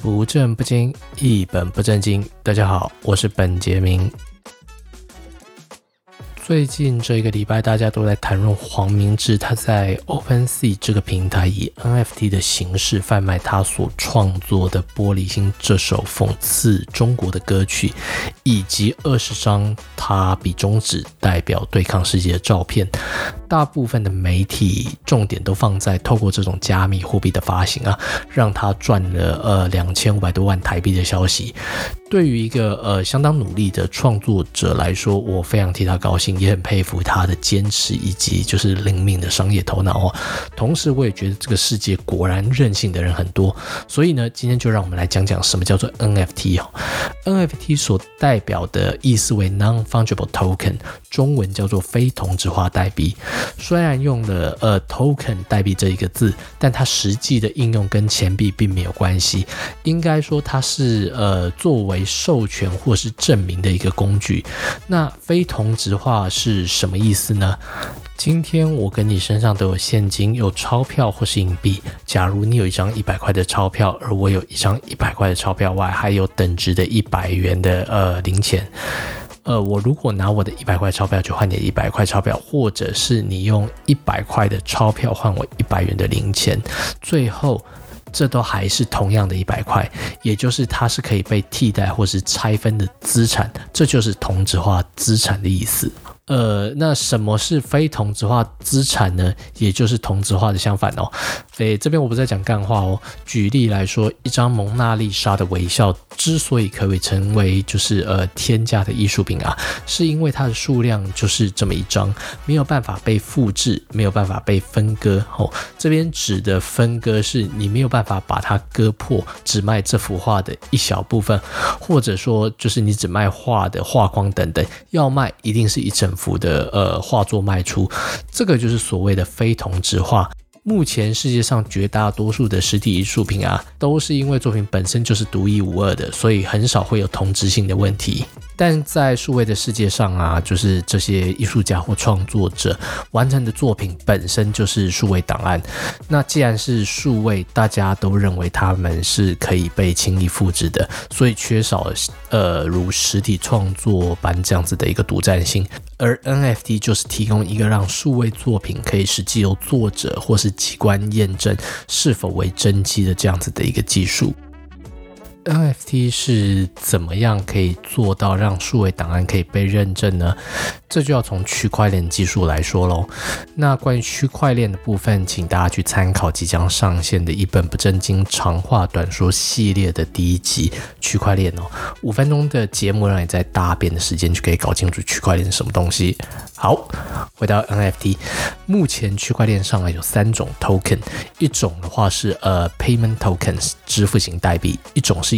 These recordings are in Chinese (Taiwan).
不正不經，一本不正經。大家好，我是本傑明。最近這個禮拜，大家都在談論黃明志，他在 OpenSea 這個平台以 NFT 的形式販賣他所創作的《玻璃心》這首諷刺中國的歌曲，以及二十張他比中指代表對抗世界的照片。大部分的媒體重點都放在透過這種加密貨幣的發行啊，讓他賺了呃兩千五百多萬台幣的消息。對於一個呃相當努力的創作者來說，我非常替他高興，也很佩服他的堅持以及就是靈敏的商業頭腦哦。同時，我也覺得這個世界果然任性的人很多。所以呢，今天就讓我們來講講什麼叫做 NFT 哦。NFT 所代表的意思為 Non-Fungible Token，中文叫做非同質化代幣。雖然用了呃 “token” 代幣這一個字，但它實際的應用跟錢幣並沒有關係，應該說它是呃作為授權或是證明的一個工具。那非同質化是什麼意思呢？今天我跟你身上都有現金，有鈔票或是硬幣。假如你有一張一百塊的鈔票，而我有一張一百塊的鈔票外，還有等值的一百元的呃零錢。呃，我如果拿我的一百塊鈔票去換你一百塊鈔票，或者是你用一百塊的鈔票換我一百元的零錢，最後，這都還是同樣的一百塊，也就是它是可以被替代或是拆分的資產，這就是同質化資產的意思。呃，那什麼是非同質化資產呢？也就是同質化的相反哦。誒，這邊我不再講幹話哦。舉例來說，一張蒙娜麗莎的微笑之所以可以成為就是呃天價的藝術品啊，是因為它的數量就是這麼一張，沒有辦法被複製，沒有辦法被分割。哦，這邊指的分割是，你沒有辦法把它割破，只賣這幅畫的一小部分，或者說就是你只賣畫的畫框等等，要賣一定是一整幅的呃畫作賣出。這個就是所謂的非同質化。目前世界上絕大多數的實體藝術品啊，都是因為作品本身就是獨一無二的，所以很少會有同質性的問題。但在數位的世界上啊，就是這些藝術家或創作者完成的作品本身就是數位檔案。那既然是數位，大家都認為他們是可以被輕易複製的，所以缺少呃如實體創作般這樣子的一個獨佔性。而 NFT 就是提供一個讓數位作品可以實際由作者或是機關驗證是否為真跡的這樣子的一個技術。NFT 是怎麼樣可以做到讓數位檔案可以被認證呢？這就要從區塊鏈技術來說嘍。那關於區塊鏈的部分，請大家去參考即將上線的一本不正經長話短說系列的第一集區塊鏈哦，五、喔、分鐘的節目讓你在大便的時間就可以搞清楚區塊鏈是什麼東西。好，回到 NFT，目前區塊鏈上啊有三種 token，一種的話是呃 payment tokens 支付型代幣，一種是。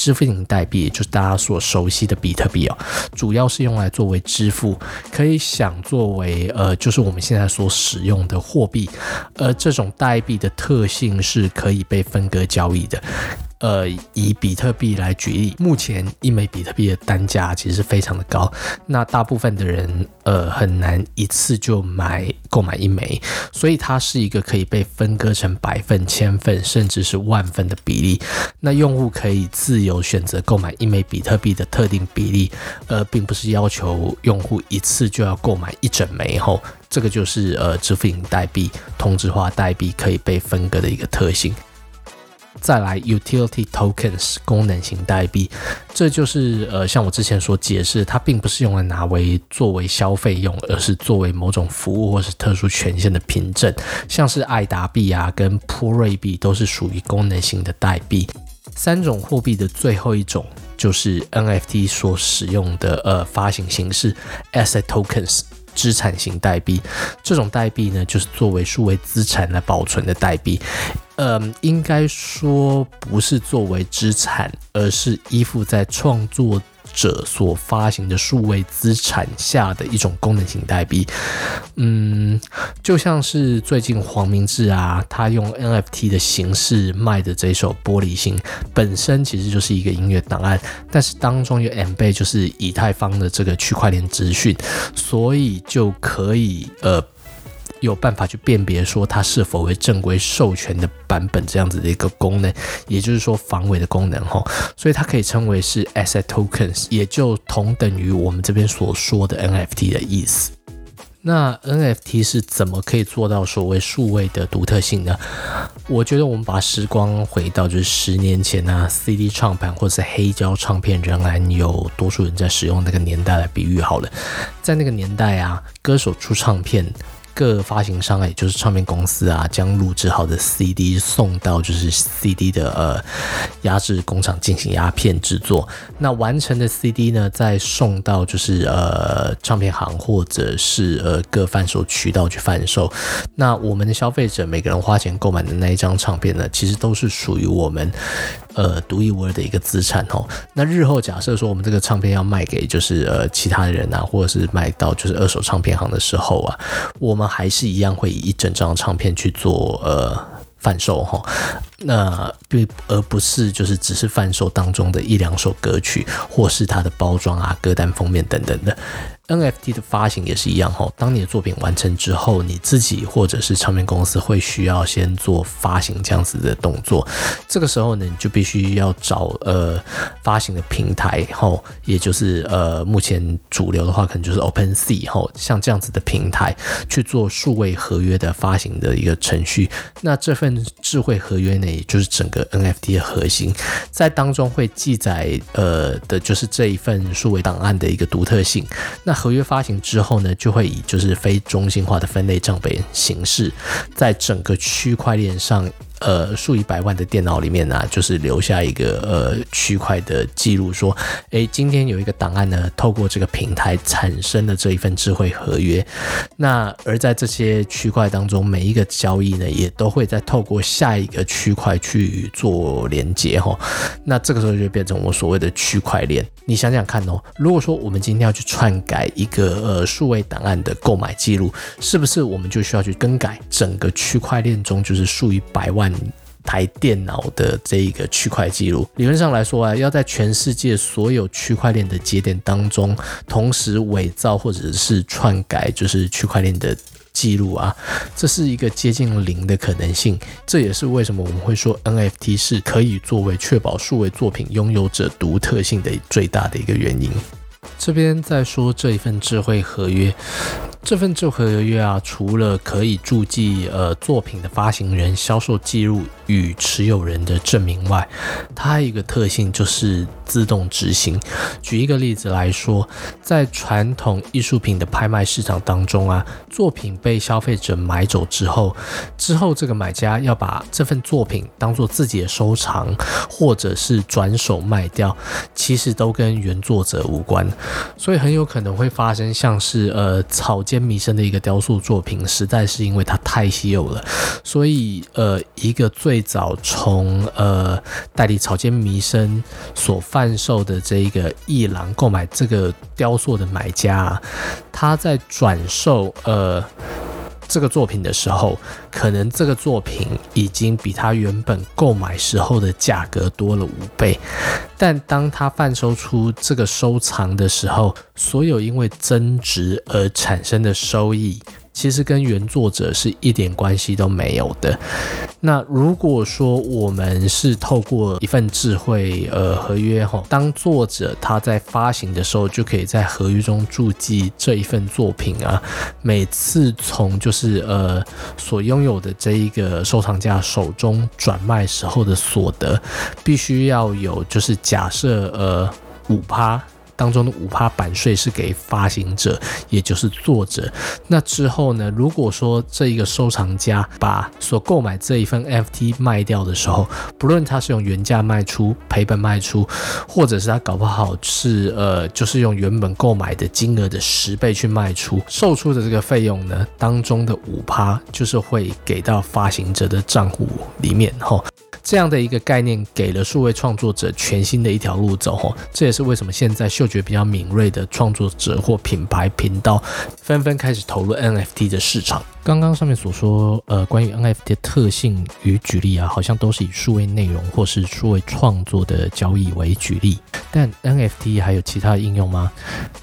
支付型代幣也就是大家所熟悉的比特幣哦，主要是用來作為支付，可以想作為呃，就是我們現在所使用的貨幣。而、呃、這種代幣的特性是可以被分割交易的。呃，以比特幣來舉例，目前一枚比特幣的單價其實是非常的高，那大部分的人呃很難一次就買購買一枚，所以它是一個可以被分割成百分、千分甚至是萬分的比例。那用戶可以自由。有選擇購買一枚比特幣的特定比例，而、呃、並不是要求用戶一次就要購買一整枚後，這個就是呃，支付型代幣、同質化代幣可以被分割的一個特性。再來，utility tokens 功能型代幣，這就是呃，像我之前所解釋，它並不是用來拿為作為消費用，而是作為某種服務或是特殊權限的憑證。像是愛達幣啊，跟普瑞幣都是屬於功能型的代幣。三種貨幣的最後一種就是 NFT 所使用的呃發行形式，Asset Tokens 資產型代幣。這種代幣呢，就是作為數位資產來保存的代幣。嗯，應該說不是作為資產，而是依附在創作者所發行的數位資產下的一種功能性代幣。嗯，就像是最近黃明志啊，他用 NFT 的形式賣的這首《玻璃心》，本身其實就是一個音樂檔案，但是當中有 M 貝，就是以太坊的這個區塊鏈資訊，所以就可以呃。有辦法去辨別說它是否為正規授權的版本，這樣子的一個功能，也就是說防偽的功能吼，所以它可以稱為是 asset tokens，也就同等於我們這邊所說的 NFT 的意思。那 NFT 是怎麼可以做到所謂數位的獨特性呢？我覺得我們把時光回到就是十年前啊，CD 唱盤或者是黑膠唱片仍然有多數人在使用那個年代來比喻好了，在那個年代啊，歌手出唱片。各發行商，也就是唱片公司啊，將錄製好的 CD 送到就是 CD 的呃壓制工廠進行壓片製作。那完成的 CD 呢，再送到就是呃唱片行或者是呃各販售渠道去販售。那我們的消費者每個人花錢購買的那一張唱片呢，其實都是屬於我們。呃，獨一無二的一個資產哦，那日後假設說我們這個唱片要賣給就是呃其他人吶、啊，或者是賣到就是二手唱片行的時候啊，我們還是一樣會以一整張唱片去做呃販售哈。那對，而不是就是只是販售當中的一兩首歌曲，或是它的包裝啊、歌單封面等等的。NFT 的發行也是一樣哈，當你的作品完成之後，你自己或者是唱片公司會需要先做發行這樣子的動作。這個時候呢，你就必須要找呃發行的平台哈，也就是呃目前主流的話可能就是 OpenSea 哈，c, 像這樣子的平台去做數位合約的發行的一個程序。那這份智慧合約呢，也就是整個 NFT 的核心，在當中會記載呃的就是這一份數位檔案的一個獨特性。那合約發行之後呢，就會以就是非中心化的分類賬本形式，在整個區塊鏈上。呃，數以百萬的電腦裡面呢、啊，就是留下一個呃區塊的記錄，說，誒，今天有一個檔案呢，透過這個平台產生了這一份智慧合約，那而在這些區塊當中，每一個交易呢，也都會再透過下一個區塊去做連接齁，那這個時候就變成我所謂的區塊鏈。你想想看哦，如果說我們今天要去篡改一個呃數位檔案的購買記錄，是不是我們就需要去更改整個區塊鏈中就是數以百萬。台電腦的這一個區塊記錄，理論上來說啊，要在全世界所有區塊鏈的節點當中同時偽造或者是篡改，就是區塊鏈的記錄啊，這是一個接近零的可能性。這也是為什麼我們會說 NFT 是可以作為確保數位作品擁有者獨特性的最大的一個原因。這邊再說這一份智慧合約。這份智慧合約啊，除了可以註記呃作品的發行人、銷售記錄與持有人的證明外，它還有一個特性，就是自動執行。舉一個例子來說，在傳統藝術品的拍賣市場當中啊，作品被消費者買走之後，之後這個買家要把這份作品當做自己的收藏，或者是轉手賣掉，其實都跟原作者無關，所以很有可能會發生像是呃炒。間彌生的一個雕塑作品，實在是因為它太稀有了，所以呃，一個最早從呃代理草間彌生所販售的這一個藝廊購買這個雕塑的買家，他在轉售呃。這個作品的時候，可能這個作品已經比他原本購買時候的價格多了五倍，但當他販售出這個收藏的時候，所有因為增值而產生的收益。其實跟原作者是一點關係都沒有的。那如果說我們是透過一份智慧呃合約，當作者他在發行的時候，就可以在合約中注記這一份作品啊，每次從就是呃所擁有的這一個收藏家手中轉賣時候的所得，必須要有就是假設呃五趴。5當中的五趴版稅是給發行者，也就是作者。那之後呢？如果說這一個收藏家把所購買這一份 NFT 賣掉的時候，不論他是用原價賣出、賠本賣出，或者是他搞不好是呃，就是用原本購買的金額的十倍去賣出，售出的這個費用呢，當中的五趴就是會給到發行者的賬戶裡面，吼。這樣的一個概念，給了數位創作者全新的一條路走，吼。這也是為什麼現在秀。覺比較敏銳的創作者或品牌頻道，紛紛開始投入 NFT 的市場。剛剛上面所說，呃，關於 NFT 的特性與舉例啊，好像都是以數位內容或是數位創作的交易為舉例。但 NFT 還有其他應用嗎？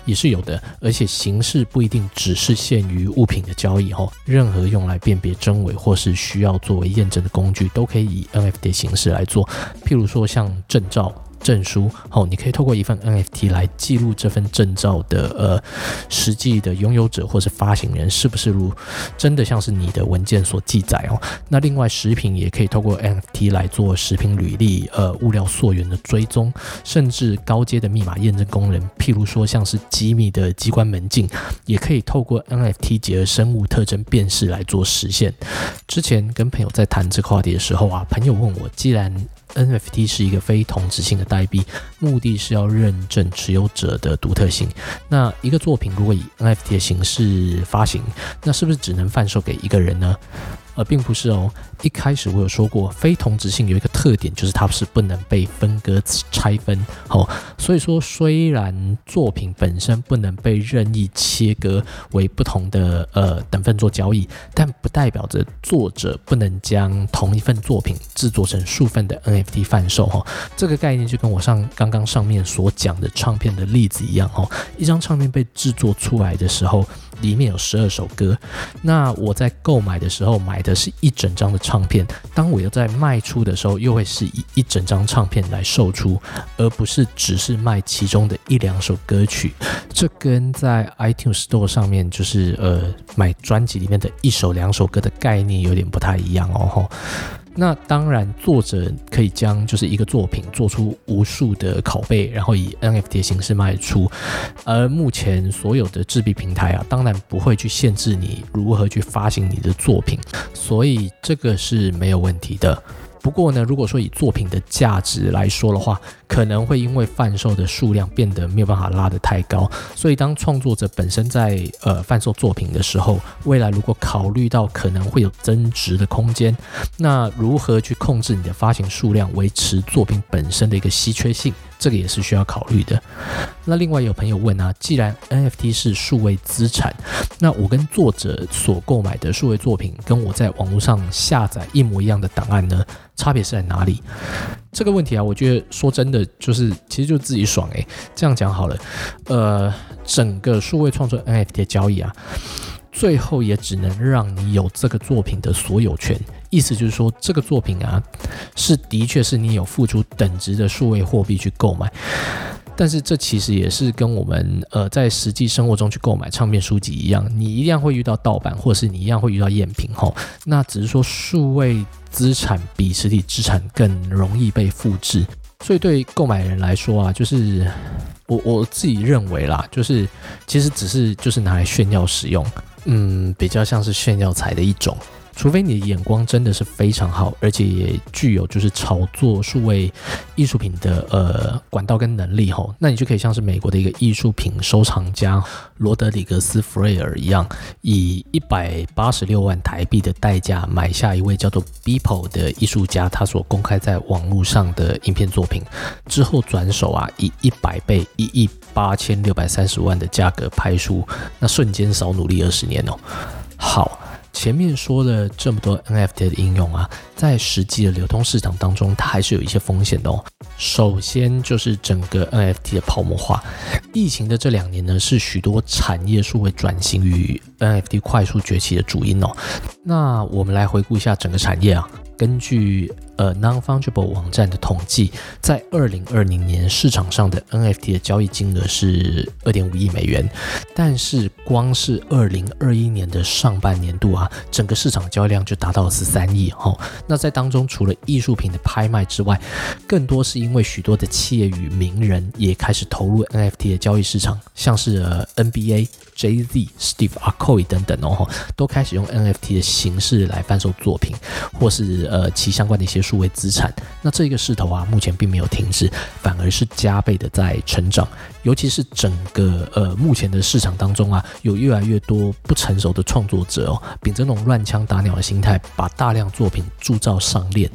也是有的，而且形式不一定只是限於物品的交易哦。任何用來辨別真偽或是需要作為驗證的工具，都可以以 NFT 形式來做。譬如說像證照。證書哦，你可以透過一份 NFT 來記錄這份證照的呃實際的擁有者或是發行人是不是如真的像是你的文件所記載哦。那另外食品也可以透過 NFT 來做食品履歷、呃物料溯源的追蹤，甚至高階的密碼驗證功能，譬如說像是機密的機關門禁，也可以透過 NFT 結合生物特徵辨識來做實現。之前跟朋友在談這個話題的時候啊，朋友問我，既然 NFT 是一個非同質性的代幣，目的是要認證持有者的獨特性。那一個作品如果以 NFT 的形式發行，那是不是只能販售給一個人呢？而並不是哦，一開始我有說過，非同質性有一個特點，就是它是不能被分割拆分哦。所以說，雖然作品本身不能被任意切割為不同的呃等份做交易，但不代表着作者不能將同一份作品制作成數份的 NFT 販售哈哦。這個概念就跟我上剛剛上面所講的唱片的例子一樣哦，一張唱片被制作出來的時候。裡面有十二首歌，那我在購買的時候買的是一整張的唱片，當我要在賣出的時候，又會是以一整張唱片來售出，而不是只是賣其中的一兩首歌曲。這跟在 iTunes Store 上面就是呃買專輯裡面的一首兩首歌的概念有點不太一樣哦。那當然，作者可以將就是一個作品做出無數的拷貝，然後以 NFT 的形式賣出。而目前所有的鑄幣平台啊，當然不會去限制你如何去發行你的作品，所以這個是沒有問題的。不過呢，如果說以作品的價值來說的話，可能會因為販售的數量變得沒有辦法拉得太高。所以，當創作者本身在呃販售作品的時候，未來如果考慮到可能會有增值的空間，那如何去控制你的發行數量，維持作品本身的一個稀缺性？這個也是需要考慮的。那另外有朋友問啊，既然 NFT 是數位資產，那我跟作者所購買的數位作品，跟我在網絡上下載一模一樣的檔案呢，差別是在哪裡？這個問題啊，我覺得說真的，就是其實就自己爽誒、欸，這樣講好了，呃，整個數位創作 NFT 的交易啊，最後也只能讓你有這個作品的所有權。意思就是說，這個作品啊，是的確是你有付出等值的數位貨幣去購買，但是這其實也是跟我們呃在實際生活中去購買唱片、書籍一樣，你一樣會遇到盜版，或者是你一樣會遇到贗品齁。那只是說數位資產比實體資產更容易被複製，所以對購買人來說啊，就是我我自己認為啦，就是其實只是就是拿來炫耀使用，嗯，比較像是炫耀財的一種。除非你的眼光真的是非常好，而且也具有就是炒作數位藝術品的呃管道跟能力吼，那你就可以像是美國的一個藝術品收藏家羅德里格斯弗雷爾一樣，以一百八十六萬台幣的代價買下一位叫做 Beeple 的藝術家他所公開在網絡上的影片作品，之後轉手啊以一百倍一億八千六百三十萬的價格拍出，那瞬間少努力二十年哦、喔，好。前面說了這麼多 NFT 的應用啊，在實際的流通市場當中，它還是有一些風險的哦。首先就是整個 NFT 的泡沫化，疫情的這兩年呢，是許多產業數位轉型與 NFT 快速崛起的主因哦。那我們來回顧一下整個產業啊。根據呃 Non-Fungible 網站的統計，在二零二零年市場上的 NFT 的交易金額是二點五億美元，但是光是二零二一年的上半年度啊，整個市場的交易量就達到了十三億哦。好，那在當中除了藝術品的拍賣之外，更多是因為許多的企業與名人也開始投入 NFT 的交易市場，像是呃 NBA。J.Z、Jay Z, Steve Aoki 等等哦，都開始用 NFT 的形式來販售作品，或是呃其相關的一些數位資產。那這個勢頭啊，目前並沒有停止，反而是加倍的在成長。尤其是整個呃目前的市場當中啊，有越來越多不成熟的創作者哦，秉着那種亂槍打鳥的心態，把大量作品鑄造上鏈。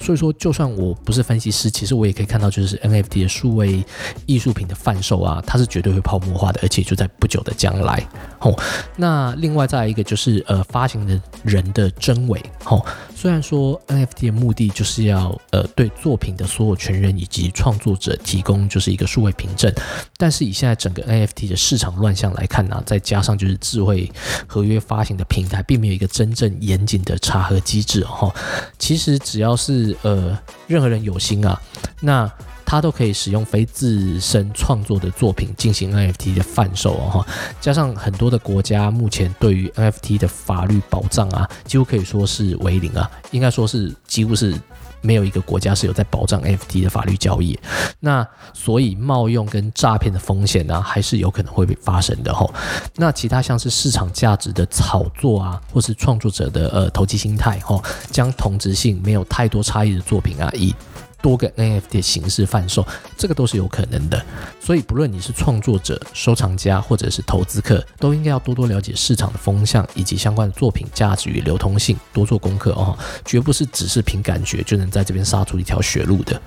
所以說，就算我不是分析師，其實我也可以看到，就是 NFT 的數位藝術品的販售啊，它是絕對會泡沫化的，而且就在不久的將來。吼，那另外再來一個就是呃發行的人的真偽。吼。雖然說 NFT 的目的就是要呃對作品的所有權人以及創作者提供就是一個數位憑證，但是以現在整個 NFT 的市場亂象來看呢、啊，再加上就是智慧合約發行的平台並沒有一個真正嚴謹的查核機制，哦，其實只要是呃任何人有心啊，那。他都可以使用非自身創作的作品進行 NFT 的販售哦，哈，加上很多的國家目前對於 NFT 的法律保障啊，幾乎可以說是為零啊，應該說是幾乎是沒有一個國家是有在保障 NFT 的法律交易。那所以冒用跟詐騙的風險呢，還是有可能會發生的哈、哦。那其他像是市場價值的炒作啊，或是創作者的呃投機心態哈，將同質性沒有太多差異的作品啊以。多個 NFT 形式販售，這個都是有可能的。所以，不論你是創作者、收藏家，或者是投資客，都應該要多多了解市場的風向以及相關的作品價值與流通性，多做功課哦。絕不是只是憑感覺就能在這邊殺出一條血路的。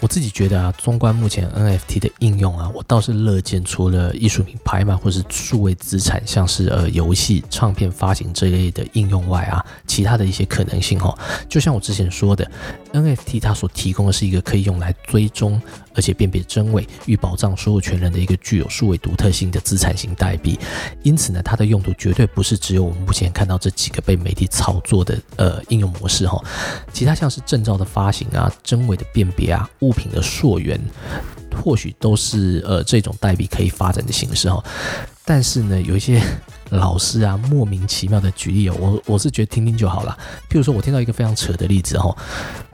我自己覺得啊，縱觀目前 NFT 的應用啊，我倒是樂見除了藝術品拍賣或是數位資產，像是呃遊戲、唱片發行這類的應用外啊，其他的一些可能性哈、喔，就像我之前說的，NFT 它所提供的是一個可以用來追蹤，而且辨別真偽與保障所有權人的一個具有數位獨特性的資產型代幣，因此呢，它的用途絕對不是只有我們目前看到這幾個被媒體炒作的呃應用模式吼，其他像是證照的發行啊、真偽的辨別啊、物品的溯源，或許都是呃這種代幣可以發展的形式吼。但是呢，有一些老師啊，莫名其妙的舉例哦，我我是覺得聽聽就好了。譬如說，我聽到一個非常扯的例子哦，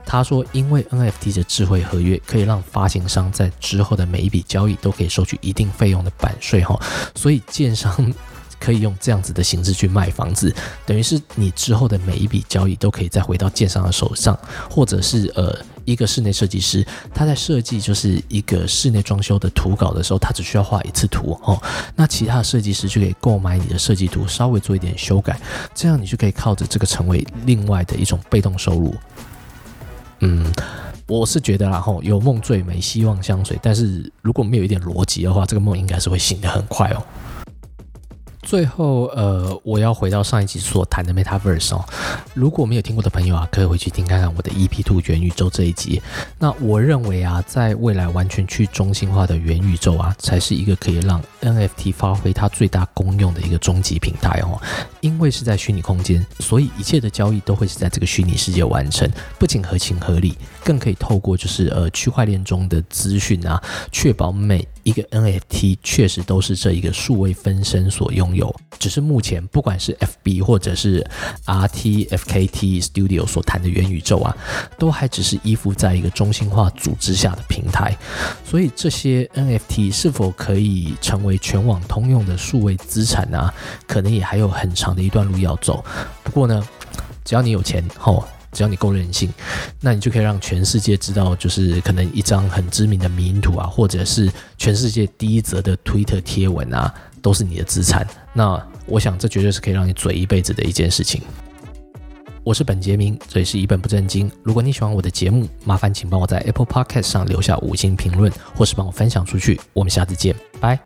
他說，因為 NFT 的智慧合約可以讓發行商在之後的每一筆交易都可以收取一定費用的版稅哈，所以建商可以用這樣子的形式去賣房子，等於是你之後的每一筆交易都可以再回到建商的手上，或者是呃。一個室內設計師，他在設計就是一個室內裝修的圖稿的時候，他只需要畫一次圖哦。那其他的設計師就可以購買你的設計圖，稍微做一點修改，這樣你就可以靠着這個成為另外的一種被動收入。嗯，我是覺得啦，吼、哦，有夢最美，希望相隨。但是如果沒有一點邏輯的話，這個夢應該是會醒得很快哦。最後，呃，我要回到上一集所談的 Metaverse 哦。如果沒有聽過的朋友啊，可以回去聽看看我的 EP Two 元宇宙，這一集。那我認為啊，在未來完全去中心化的元宇宙啊，才是一個可以讓 NFT 發揮它最大功用的一個終極平台哦。因為是在虛擬空間，所以一切的交易都會是在這個虛擬世界完成，不僅合情合理。更可以透過就是呃區塊鏈中的資訊啊，確保每一個 NFT 確實都是這一個數位分身所擁有。只是目前不管是 FB 或者是 RTFKT Studio 所談的元宇宙啊，都還只是依附在一個中心化組織下的平台。所以這些 NFT 是否可以成為全網通用的數位資產啊，可能也還有很長的一段路要走。不過呢，只要你有錢吼，只要你夠任性，那你就可以讓全世界知道，就是可能一張很知名的名圖啊，或者是全世界第一則的推特貼文啊，都是你的資產。那我想，這絕對是可以讓你嘴一輩子的一件事情。我是本傑明，所以是一本不正經。如果你喜歡我的節目，麻煩請幫我在 Apple Podcast 上留下五星評論，或是幫我分享出去。我們下次見，拜。